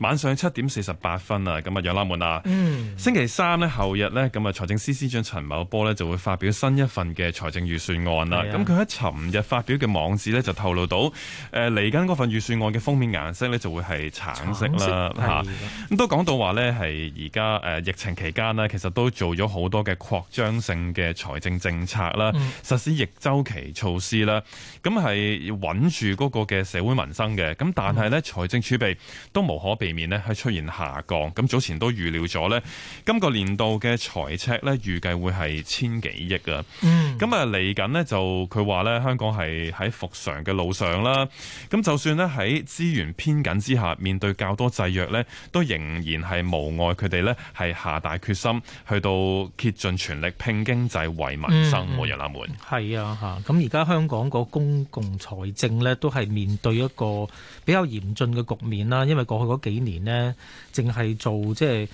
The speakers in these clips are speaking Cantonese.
晚上七點四十八分啊，咁啊、嗯，楊拉滿啦。星期三咧，後日咧，咁啊，財政司司長陳茂波咧就會發表新一份嘅財政預算案啦。咁佢喺尋日發表嘅網誌咧就透露到，誒嚟緊份預算案嘅封面顏色咧就會係橙色啦吓，咁、啊、都講到話咧，係而家誒疫情期間咧，其實都做咗好多嘅擴張性嘅財政政策啦，實施逆周期措施啦。咁係穩住嗰個嘅社會民生嘅。咁但係咧，財政儲備都無可避。面呢，係出現下降，咁早前都預料咗呢，今個年度嘅財赤呢，預計會係千幾億啊。嗯，咁啊嚟緊呢，就佢話呢，香港係喺復常嘅路上啦。咁、嗯、就算呢，喺資源偏緊之下，面對較多制約呢，都仍然係無礙佢哋呢，係下大決心，去到竭盡全力拼經濟，惠民生，我哋阿門係啊，吓，咁而家香港個公共財政呢，都係面對一個比較嚴峻嘅局面啦，因為過去嗰幾年呢，淨係做即係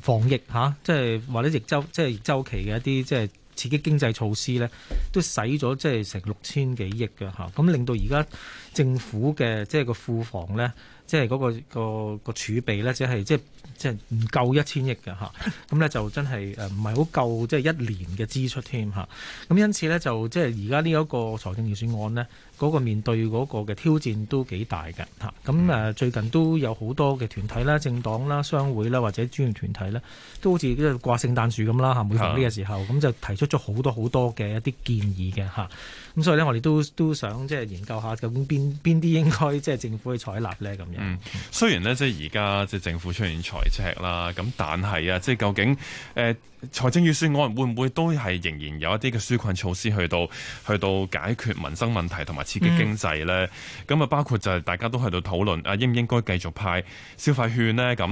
防疫嚇，即係或者逆周即係逆周期嘅一啲即係刺激經濟措施咧，都使咗即係成六千幾億嘅嚇，咁令到而家政府嘅即係個庫房咧。即係嗰個個個儲備咧，即係即係即係唔夠一千億嘅嚇，咁咧就真係誒唔係好夠即係一年嘅支出添嚇，咁因此咧就即係而家呢一個財政預算案咧，嗰個面對嗰個嘅挑戰都幾大嘅嚇，咁誒最近都有好多嘅團體啦、政黨啦、商會啦或者專業團體咧，都好似掛聖誕樹咁啦嚇，每逢呢個時候咁的就提出咗好多好多嘅一啲建議嘅嚇。啊咁所以咧，我哋都都想即係研究下究竟邊邊啲應該即係政府去採納咧咁樣。雖然咧，即係而家即係政府出現財赤啦，咁但係啊，即係究竟誒財政預算案會唔會都係仍然有一啲嘅紓困措施去到去到解決民生問題同埋刺激經濟咧？咁啊、嗯，包括就係大家都喺度討論啊，應唔應該繼續派消費券咧？咁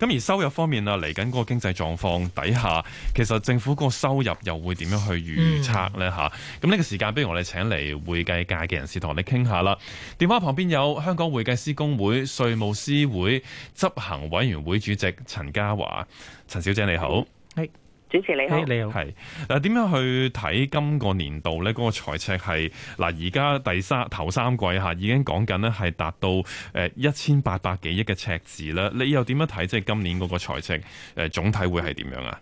咁是而收入方面啊，嚟緊嗰個經濟狀況底下，其實政府個收入又會點樣去預測咧？吓、嗯，咁呢個時間，比如我哋。請嚟會計界嘅人士同你哋傾下啦。電話旁邊有香港會計師公會稅務師會執行委員會主席陳嘉華，陳小姐你好，主持你好，你好，係嗱，點、啊、樣去睇今個年度呢？嗰、那個財赤係嗱，而、啊、家第三頭三季吓、啊、已經講緊咧，係達到誒一千八百幾億嘅赤字啦。你又點樣睇？即係今年嗰個財赤誒、啊，總體會係點樣啊？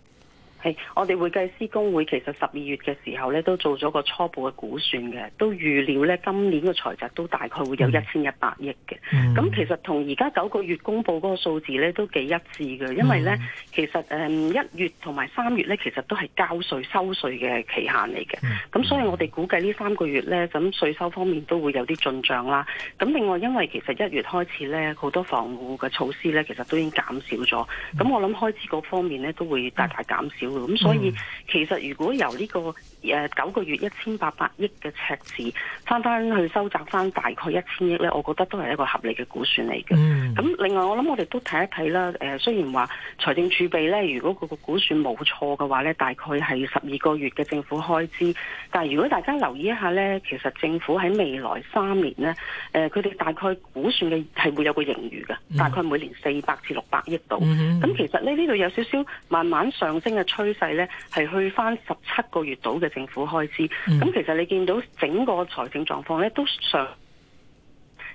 係，hey, 我哋會計師公會其實十二月嘅時候咧，都做咗個初步嘅估算嘅，都預料咧今年嘅財值都大概會有一千一百億嘅。咁、mm hmm. 其實同而家九個月公佈嗰個數字咧都幾一致嘅，因為咧其實誒一、嗯、月同埋三月咧其實都係交稅收稅嘅期限嚟嘅，咁、mm hmm. 所以我哋估計呢三個月咧，咁稅收方面都會有啲進帳啦。咁另外因為其實一月開始咧好多防護嘅措施咧，其實都已經減少咗，咁、mm hmm. 我諗開支嗰方面咧都會大大，大減少、mm。Hmm. 咁所以，其實，如果由呢個。誒九個月一千八百億嘅赤字，翻翻去收集翻大概一千億咧，我覺得都係一個合理嘅估算嚟嘅。咁、mm hmm. 另外我諗我哋都睇一睇啦。誒、呃、雖然話財政儲備咧，如果個個估算冇錯嘅話咧，大概係十二個月嘅政府開支。但係如果大家留意一下咧，其實政府喺未來三年咧，誒佢哋大概估算嘅係會有個盈餘嘅，mm hmm. 大概每年四百至六百億度。咁、mm hmm. 其實咧呢度有少少慢慢上升嘅趨勢咧，係去翻十七個月度嘅。政府開支，咁、嗯嗯、其實你見到整個財政狀況咧，都上，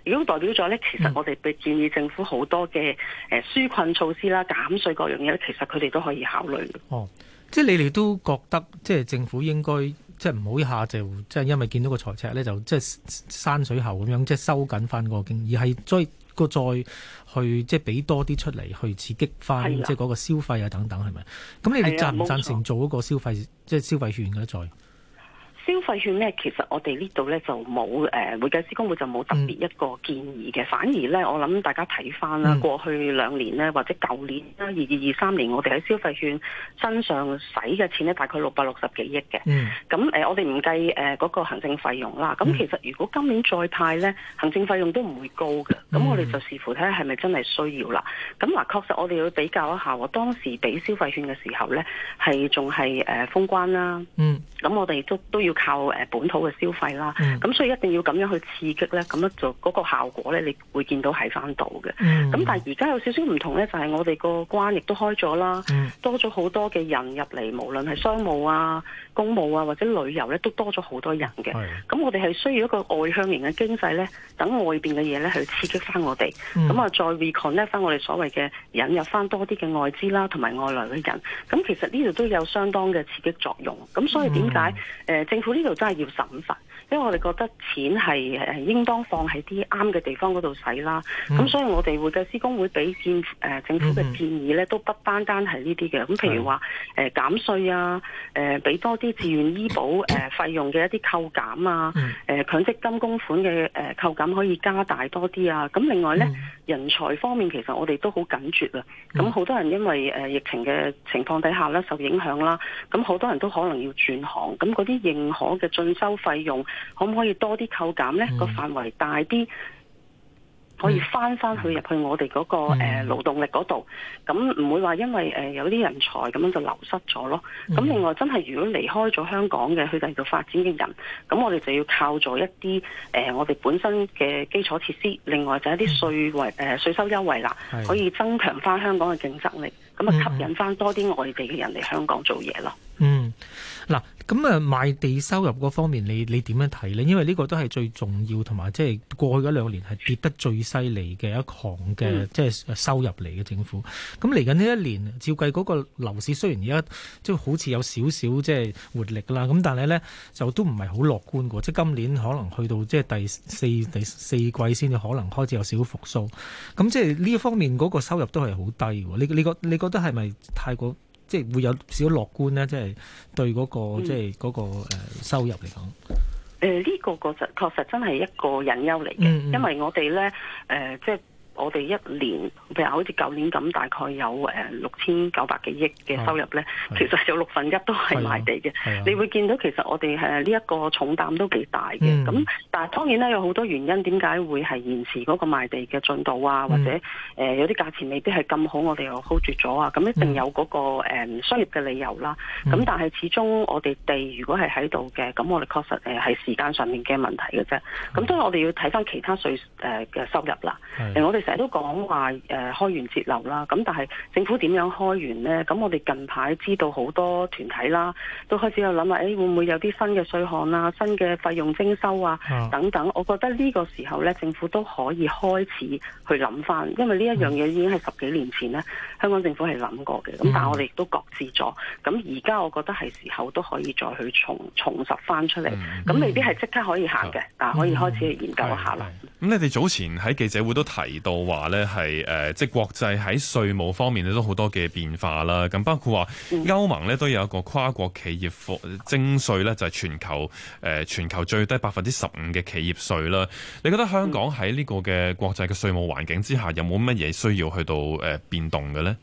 如果代表咗咧，其實我哋被建議政府好多嘅誒紓困措施啦、減稅各樣嘢咧，其實佢哋都可以考慮。哦，即係你哋都覺得，即係政府應該即係唔好一下就即係因為見到個財赤咧，就即係閂水喉咁樣，即係收緊返個經，而係再。個再去即係俾多啲出嚟去刺激返，即係嗰個消費啊等等係咪？咁的你哋贊唔贊成做嗰個消費，即係消費券嘅再？消費券咧，其實我哋呢度咧就冇誒、呃、會計師公會就冇特別一個建議嘅，嗯、反而咧我諗大家睇返啦，嗯、過去兩年咧或者舊年啦，二二二三年我哋喺消費券身上使嘅錢咧，大概六百六十幾億嘅，咁誒、嗯呃、我哋唔計誒嗰、呃嗰個行政費用啦，咁其實如果今年再派咧，行政費用都唔會高嘅，咁、嗯、我哋就視乎睇下係咪真係需要啦。咁嗱、啊，確實我哋要比較一下，我當時俾消費券嘅時候咧，係仲係誒封關啦。嗯。咁我哋亦都都要靠誒本土嘅消費啦，咁、嗯、所以一定要咁樣去刺激咧，咁樣就嗰個效果咧，你會見到喺翻度嘅。咁、嗯、但係而家有少少唔同咧，就係、是、我哋個關亦都開咗啦，嗯、多咗好多嘅人入嚟，無論係商務啊、公務啊或者旅遊咧，都多咗好多人嘅。咁是我哋係需要一個外向型嘅經濟咧，等外邊嘅嘢咧去刺激翻我哋，咁啊、嗯、再 reconnect 翻我哋所謂嘅引入翻多啲嘅外資啦，同埋外來嘅人。咁其實呢度都有相當嘅刺激作用。咁所以點解？解、呃、政府呢度真係要審慎，因為我哋覺得錢係誒應當放喺啲啱嘅地方嗰度使啦。咁、嗯、所以我哋會計施工會會計師公會俾建誒政府嘅、呃、建議咧，都不單單係呢啲嘅。咁譬如話誒、呃、減稅啊，誒、呃、俾多啲自願醫保誒、呃、費用嘅一啲扣減啊，誒、嗯呃、強積金公款嘅誒、呃、扣減可以加大多啲啊。咁另外咧、嗯、人才方面，其實我哋都好緊缺啊。咁好多人因為誒疫情嘅情況底下咧受影響啦，咁好多人都可能要轉行。咁嗰啲認可嘅進修費用，可唔可以多啲扣減呢？個、嗯、範圍大啲，可以翻翻去、嗯、入去我哋嗰、嗰個誒、嗯呃、勞動力嗰度。咁唔會話因為誒、呃、有啲人才咁樣就流失咗咯。咁、嗯、另外真係如果離開咗香港嘅去繼續發展嘅人，咁我哋就要靠住一啲誒、呃、我哋本身嘅基礎設施，另外就一啲稅惠誒稅收優惠啦，嗯、是可以增強翻香港嘅競爭力，咁啊吸引翻多啲外地嘅人嚟香港做嘢咯。嗱，咁啊賣地收入嗰方面，你你點樣睇呢？因為呢個都係最重要，同埋即係過去嗰兩年係跌得最犀利嘅一行嘅，嗯、即係收入嚟嘅政府。咁嚟緊呢一年，照計嗰個樓市雖然而家即係好似有少少即係活力啦，咁但係呢就都唔係好樂觀嘅。即係今年可能去到即係第四第四季先至可能開始有少少復甦，咁即係呢方面嗰個收入都係好低。你你覺你覺得係咪太過？即係會有少少樂觀咧，即係對嗰、嗰個、嗯、即係嗰個誒收入嚟講誒呢個，確實確實真係一個隱憂嚟嘅，嗯嗯因為我哋咧誒即係。我哋一年，譬如好似舊年咁，大概有誒六千九百幾億嘅收入咧，啊、其實有六分一都係賣地嘅。你會見到其實我哋誒呢一個重擔都幾大嘅。咁、嗯、但係當然咧有好多原因點解會係延遲嗰個賣地嘅進度啊，或者誒、嗯呃、有啲價錢未必係咁好，我哋又 hold 住咗啊。咁一定有嗰個商業嘅理由啦。咁、嗯嗯、但係始終我哋地如果係喺度嘅，咁我哋確實誒係時間上面嘅問題嘅啫。咁當然我哋要睇翻其他稅誒嘅收入啦。我哋。成日都講話誒開源節流啦，咁但係政府點樣開源呢？咁我哋近排知道好多團體啦，都開始有諗啊，誒、哎、會唔會有啲新嘅稅項啊、新嘅費用徵收啊等等？嗯、我覺得呢個時候呢，政府都可以開始去諗翻，因為呢一樣嘢已經係十幾年前呢香港政府係諗過嘅，咁、嗯、但係我哋都擱置咗。咁而家我覺得係時候都可以再去重重拾翻出嚟，咁、嗯嗯、未必係即刻可以行嘅，嗯嗯、但係可以開始去研究一下啦。咁、嗯、你哋早前喺記者會都提到。話咧，係誒，即係國際喺稅務方面咧，都好多嘅變化啦。咁包括話歐盟咧，都有一個跨國企業課徵稅咧，就係全球誒全球最低百分之十五嘅企業稅啦。你覺得香港喺呢個嘅國際嘅稅務環境之下，有冇乜嘢需要去到誒變動嘅咧？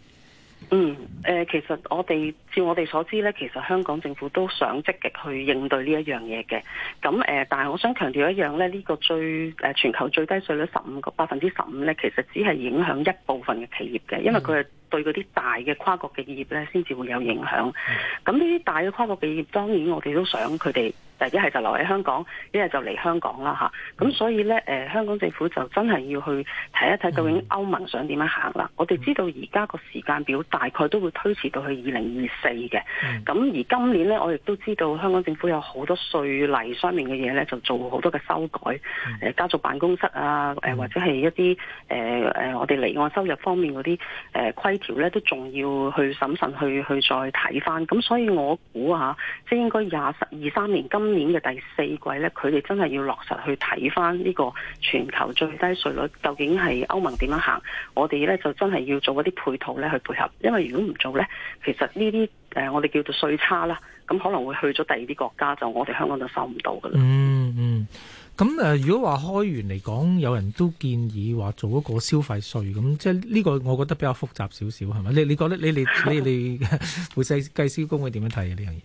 嗯，誒、呃，其實我哋照我哋所知咧，其實香港政府都想積極去應對呢一樣嘢嘅。咁誒，但係、呃、我想強調一樣咧，呢、呢個最誒、呃、全球最低稅率十五個百分之十五咧，其實只係影響一部分嘅企業嘅，因為佢係對嗰啲大嘅跨國企業咧，先至會有影響。咁呢啲大嘅跨國企業，當然我哋都想佢哋。一係就留喺香港，一係就嚟香港啦嚇。咁所以咧，誒、呃、香港政府就真係要去睇一睇究竟歐盟想點樣行啦。嗯、我哋知道而家個時間表大概都會推遲到去二零二四嘅。咁、嗯、而今年咧，我亦都知道香港政府有好多稅例上面嘅嘢咧，就做好多嘅修改。誒、嗯呃，家族辦公室啊，誒、呃、或者係一啲誒誒，我哋離岸收入方面嗰啲誒規條咧，都仲要去審慎去去再睇返。咁所以我估下，即係應該廿十二三年今。今年嘅第四季呢，佢哋真係要落實去睇翻呢個全球最低稅率究竟係歐盟點樣行？我哋呢就真係要做一啲配套呢去配合，因為如果唔做呢，其實呢啲誒我哋叫做稅差啦，咁可能會去咗第二啲國家，就我哋香港就收唔到噶啦。嗯嗯，咁誒，如果話開源嚟講，有人都建議話做一個消費稅，咁即係呢個我覺得比較複雜少少，係咪？你你覺得你你你哋會計師公會點樣睇呢樣嘢？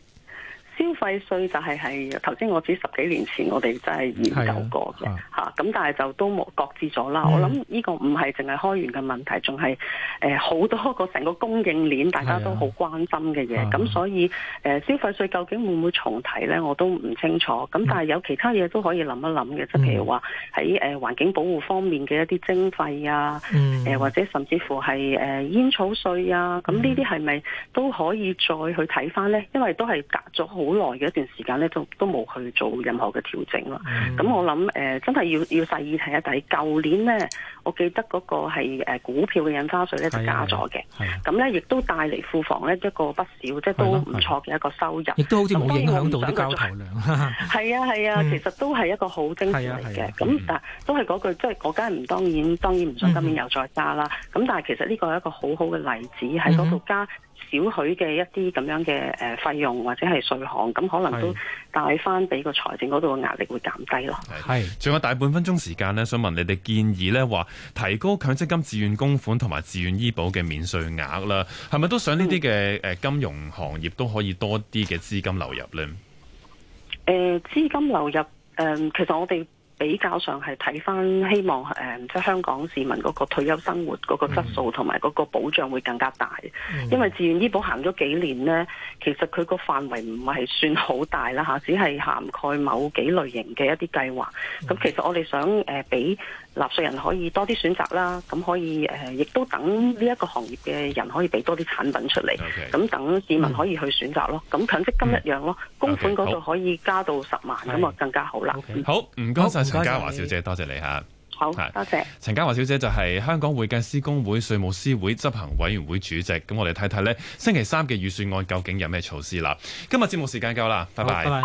低稅就係係頭先我指十幾年前我哋真係研究過嘅吓，咁、啊、但係就都冇擱置咗啦。嗯、我諗呢個唔係淨係開源嘅問題，仲係誒好多個成個供應鏈，大家都好關心嘅嘢。咁、啊、所以誒、呃、消費稅究竟會唔會重提咧？我都唔清楚。咁但係有其他嘢都可以諗一諗嘅，即譬、嗯、如話喺誒環境保護方面嘅一啲徵費啊，誒、嗯呃、或者甚至乎係誒煙草稅啊，咁呢啲係咪都可以再去睇翻咧？因為都係隔咗好耐。一段時間咧，都都冇去做任何嘅調整啦。咁我諗誒，真係要要細意睇一睇。舊年咧，我記得嗰個係股票嘅印花稅咧，就加咗嘅。咁咧，亦都帶嚟庫房咧一個不少，即係都唔錯嘅一個收入。亦都好似冇影響到啲交易量。係啊係啊，其實都係一個好精緻嚟嘅。咁但都係嗰句，即係嗰間唔當然當然唔想今年又再加啦。咁但係其實呢個係一個好好嘅例子，喺嗰度加，少許嘅一啲咁樣嘅誒費用或者係稅項，咁可能都帶翻俾個財政嗰度嘅壓力會減低咯。係，仲有大半分鐘時間呢，想問你哋建議呢話提高強積金、自願供款同埋自願醫保嘅免稅額啦，係咪都想呢啲嘅誒金融行業都可以多啲嘅資金流入呢？誒、嗯呃、資金流入誒、呃，其實我哋。比較上係睇翻希望誒、呃，即係香港市民嗰個退休生活嗰個質素同埋嗰個保障會更加大，mm hmm. 因為自願醫保行咗幾年呢，其實佢個範圍唔係算好大啦吓，只係涵蓋某幾類型嘅一啲計劃。咁其實我哋想誒俾。呃納稅人可以多啲選擇啦，咁可以誒、呃，亦都等呢一個行業嘅人可以俾多啲產品出嚟，咁 Okay. 等市民可以去選擇咯。咁強積金一樣咯，公 Okay. 款嗰度可以加到十萬，咁啊是更加好啦。Okay. 好，唔該晒，陳嘉華小姐，多謝,謝你嚇。謝謝你好，多謝,謝陳嘉華小姐，就係香港會計師公會稅務師會執行委員會主席。咁我哋睇睇呢星期三嘅預算案究竟有咩措施啦？今日節目時間夠啦，拜拜。